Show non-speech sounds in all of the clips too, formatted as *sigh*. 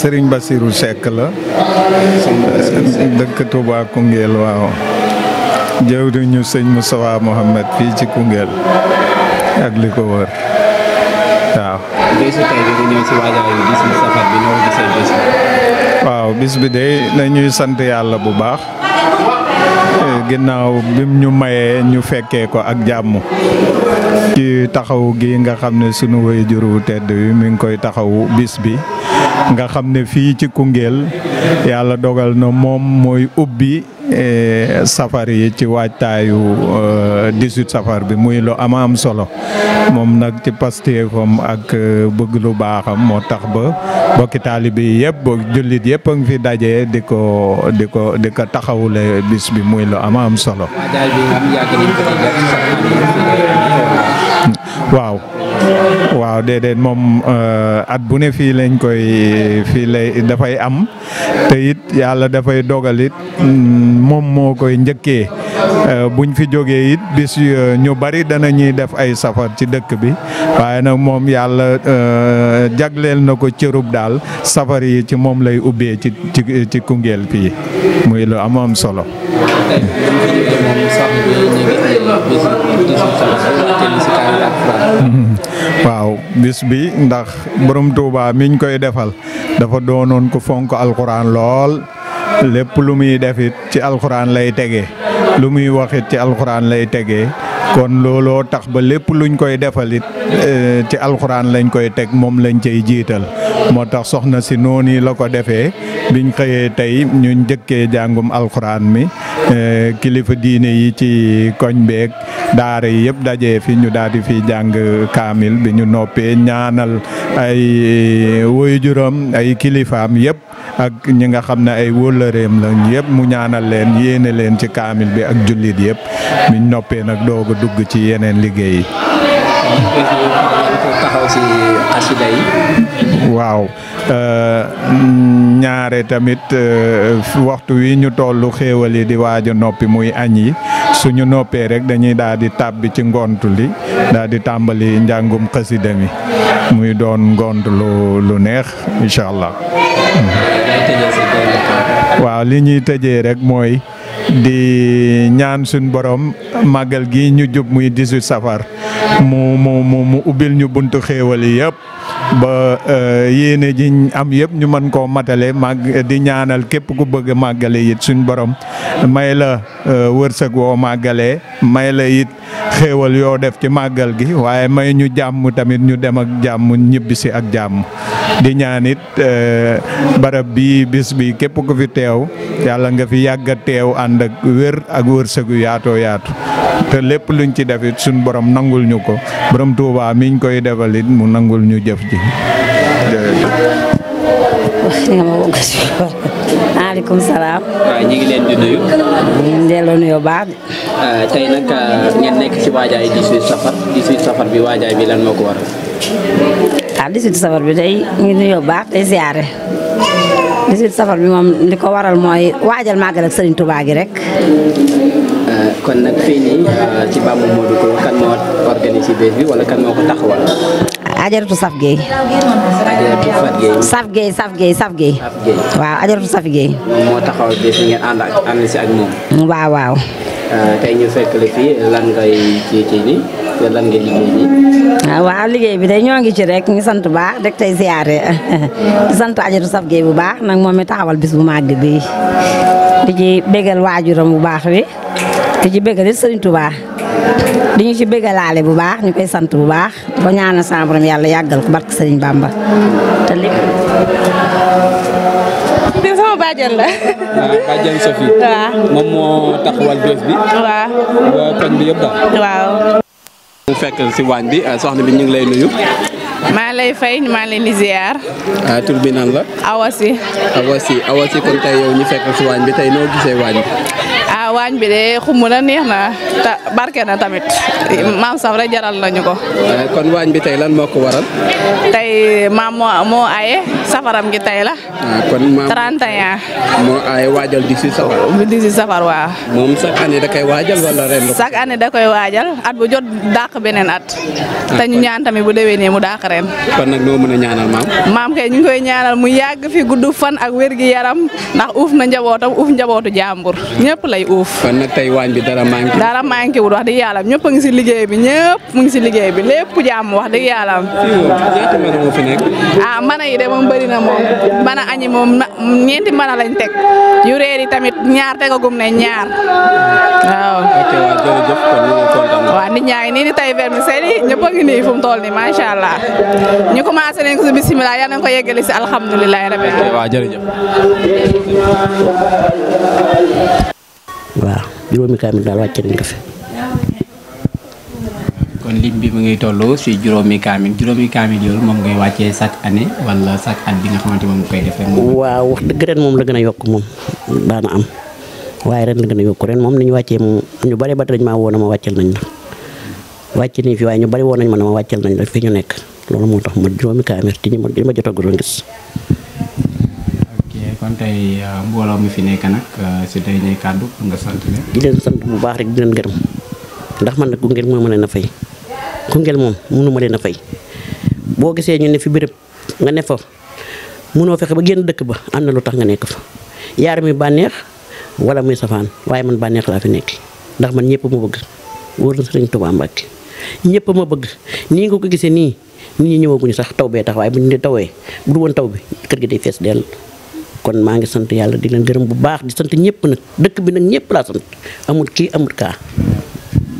sëriñ Bassirou Seck la dëkk Touba Koungheul waaw jëwriñu sëñ Moustapha Mohamed fii ci Koungheul ak li ko wër waaw. bis bi de nañuy sant yàlla bu baax. ginnaaw bi ñu mayee ñu fekkee ko ak jàmm ci taxaw gi nga xam ne sunu waajur wu tedd bi mi ngi koy taxaw bis bi nga xam ne fii ci Koungheul yàlla dogal na moom mooy ubbi Eh, safar yi ci waajtaayu 18 eh, safar bi muy lu ama am solo moom nag ci pastéefam ak eh, bëgg lu baaxam moo tax ba bokki taalibe yi yëpp jullit yëpp a ngi fi daje di ko di ko di ko taxawule bis bi muy lu ama am solo waaw waaw déedéet moom euh, at bu ne fii lañ koy fii lay dafay am te it yàlla dafay dogal mm, moom moo koy njëkkee euh, buñ fi jógee it bis euh, ñu bari dana ñuy def ay safar ci dëkk bi waaye nag moom yàlla jagleel na ko cërub daal safar yi ci moom lay ubbee ci ci ci Koungheul fii muy lu am solo *laughs* waaw bis bi ndax borom Touba miñ koy defal dafa doonoon ko fonk alxuraan lool lépp lu muy defit ci alxuraan lay tege lu muy waxit ci alxuraan lay tege kon looloo tax ba lépp luñ koy defalit eh, ci alxuraan lañ koy teg moom lañ cay jiital moo tax soxna si noonu la ko defee biñ xëyee tey ñu njëkkee jàngum alxuraan mi eh, kilifa diine yi ci koñ beeg daara yi yëpp dajee fi ñu daal di fi jàng kaamil bi ñu noppee ñaanal ay waajuram ay kilifaam yëpp ak ñi nga xam ne ay wóllëreem lañ yëpp mu ñaanal leen yéene leen ci kaamil bi ak jullit yëpp biñ noppee nag doog a dugg ci yeneen liggéey yi. waaw Euh, ñaare tamit euh, waxtu wi ñu tollu xéewal di waaja noppi muy añ yi suñu noppee rek dañuy daal di tàbbi ci ngont li daal di tàmbali njàngum xasida mi muy doon ngont lu lu neex incha allah. waaw li ñuy tëjee rek mooy di ñaan suñ borom màggal gi ñu jub muy 18 safar mu mu ubbil ñu buntu xéewal yi yëpp ba euh, yéene ji am yëpp ñu mën koo matale màgg di ñaanal képp ku bëgg màggale it suñ borom may la euh, wërsëg woo màggalee may la yit xéewal yoo def ci màggal gi waaye may ñu jàmm tamit ñu dem ak jàmm ñibbisi ak jàmm di ñaanit eh, barab bi bis bi kep ko fi tew yalla nga fi yàgga tew and ak wér ak wërsëgu yaato yaatu te lepp luñ ci def suñ borom nangul ñuko borom Tuuba miñ koy defalit mu nangul ñu jëf ji Assalamualaikum ah 18 safar bi day ñu nuyoo baax day siyaare 18 safar bi moom li ko waral mooy waajal màggal ak Serigne Touba gi rek. Eh, kon nag fii eh, ci Bamba Modou kan bi wala kan moo ko taxawal. ajaratu Saf Gueye. Saf Gueye. Saf Gueye Saf Gueye Saf Gueye. waaw ajaratu Saf Gueye. moom taxawal ak si ak moom. waaw waaw. Eh, tey ñu fekk la fii lan ngay te lan ngeen liggéey nii. liggéey bi day ñoo ci rek ngi sant bu rek tey ziare sant Adjatou Saf Gueye bu baax nag moom taxawal bis bu ah, bi di ci bégal waajuram bu baax wi di ci bégal Serigne Touba di ñu ci bu baax ñu koy sant bu baax ba ñaanal sama borom yàlla yàggal ko barke Serigne Bamba te lépp. bàjjen lah? waaw Sophie waaw moom moo taxawal bi waaw waa koñ mu fekk si waañ bi euh, soxna bi ñu ngi lay nuyu. maa lay fay maa leen di ziar. ah tur la. Awasi. Awasi Awasi kon tey yow ñu fekk si waañ bi tey noo gisee waañ bi. wañ bi dé xumb na neex na ta barké na tamit maam Safra jaral nañu ko. Eh, kon wañ bi tay lan moko waral. tay mam mo mo ayé safaram gi tay la. Ah, kon mam 31. mo ayé wajal di ci safar. mo di ci safar wa mom sax ané da kay wajal wala ren sax ané da koy wajal at bu jot dàq benen at. Ah, ta ñu ñaan tamit bu déwé né mu dàq ren. kon nak no mëna ñaanal mam mam kay ñu koy ñaanal mu yàgg fi guddu fan ak wér gi yaram ndax uuf na njabootam uuf njabootu jambur ñepp lay uuf suuf kon nak tay wañ bi dara manki dara manki wul wax dëgg yalla ñepp ngi ci liggey bi ñepp mu ngi ci liggey bi lepp jàmm wax dëgg yalla ñaata mën moo fi nekk ah mën yi de moom bari na moom mën añi moom ñeenti mën lañ tek yu réer yi tamit ñaar tegagum ne ñaar waaw ok waaw jërëjëf kon ñu ngi kontaan waaw nit ñaa ngi ni di tey vermicelle yi ngi nii fu mu toll nii macha allah ñu commencé nañ ko si bisimilah yal nañ ko yeggali ci alhamdullilah rabbil alamin wa Thank you. juróomi kaamil daal wàcce nañ ko fi. kon lim bi mu ngi toll si juróomi kaamil juróomi kaamil yooyu moom ngay wàccee chaque année wala chaque at bi nga xamante moom koy defee. waaw wax dëgg ren moom la gën a yokk moom daana am waaye ren la gën a yokk ren ñu wàccee moom ñu bari ba dañ maa woo na ma wàcceel nañ la wàcc nañ fi waaye ñu bari woo nañ ma na wàcceel nañ la fi ñu nekk loolu moo tax ma juróomi kaamil ti ñu ma jot a gis. maanaam tey mbooloo mi fi nekk nag si day ñay kàddu pour nga sant leen. di leen sant bu baax rek di leen gërëm ndax man nag Koungheul moo ma leen a fay wala muy safaan waaye man bànneex laa fi nekk ndax man ñëpp ma bëgg wóor na Sëriñ Tuubaa Mbàkke ñëpp ma bëgg nii nga ko gisee nii nit ñëwaguñu sax taw tax waaye bu ñu tawee bu du woon kër gi day kon maa ngi sant yàlla di leen gërëm bu baax di sant ñëpp nag dëkk bi nag ñëpp laa sant amul kii amul kaa.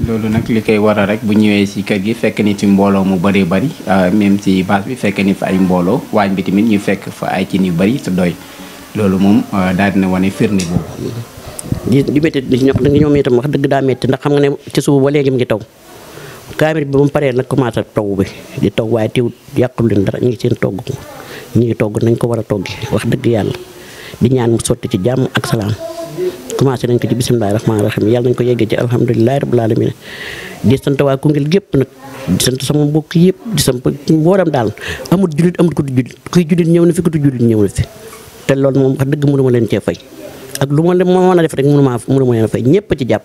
loolu nag li koy waral rek bu ñëwee ci kër gi fekk nii ci mbooloo mu bëree bari euh, même si base bi fekk ni fa ay mbooloo waañ bi tamit ñu fekk fa ay cin yu bëri te doy loolu moom euh, daal dina wane firnde boobu. di di métti di ñoom ñoom itam wax dëgg daa métti ndax xam nga ne ci suba ba léegi mu ngi taw kaamir bi mu paree nag commencé taw bi di taw waaye teewul leen dara ñu ngi seen togg ñu ngi togg nañ ko war a toggi wax dëgg yàlla. di ñaan mu sotti ci jamm ak salam commencé nañ ko ci bismillahir rahmanir rahim yalla nañ ko yegge ci alhamdulilahi rabbil alamin di sant ku ngel gep nak di sant sama mbokk yep di sant mboolam dal amul julit amul ku julit kuy julit ñew na fi ku julit ñew na fi te lool mom wax dëgg mënuma leen ci fay ak lu ma mo a def rek mënuma mënuma leen fay ñepp ci japp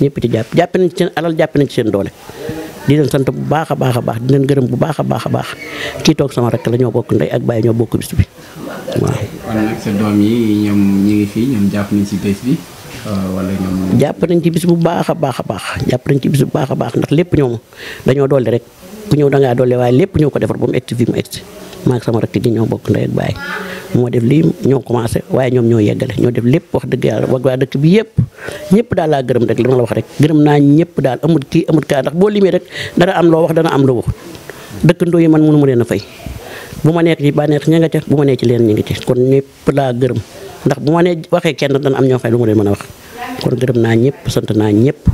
ñepp ci japp japp nañ ci seen alal japp nañ ci seen doole di leen sant bu baax a baax di leen gëreem bu baax a baax ki tok sama rek la ñoo bokk ndey ak baye ñoo bokk bis bi kon ñu ngi fii ñoom jàpp nañ ci bi euh, jàpp nañ ci bis bu baax a baax a baax jàpp nañ ci bis bu baax a baax ndax lépp ñoom dañoo dolli rek ku ñëw da ngaa dolli waaye lépp ñoo ko defar ba mu egg mu egg maa ngi sama rakk ji ñoo bokk ndey ak baay moo def lii ñoo commencé waaye ñoom ñoo yeggale ñoo def lépp wax dëgg yàlla wax waa dëkk bi yëpp ñëpp daal laa gërëm rek li ma la wax rek gërëm naa ñëpp daal amul kii amul kaa ndax boo limee rek dana am loo wax dana am loo dëkk dëkkandoo yi man mënu leen a fay bu ma nekk ci bànneex ña nga ca bu ma nekk ci leen ñu ngi ci kon ñëpp laa gërëm ndax bu ma nee waxee kenn dana am ñoo xam ne ma leen mën a wax kon gërëm naa ñëpp sant naa ñëpp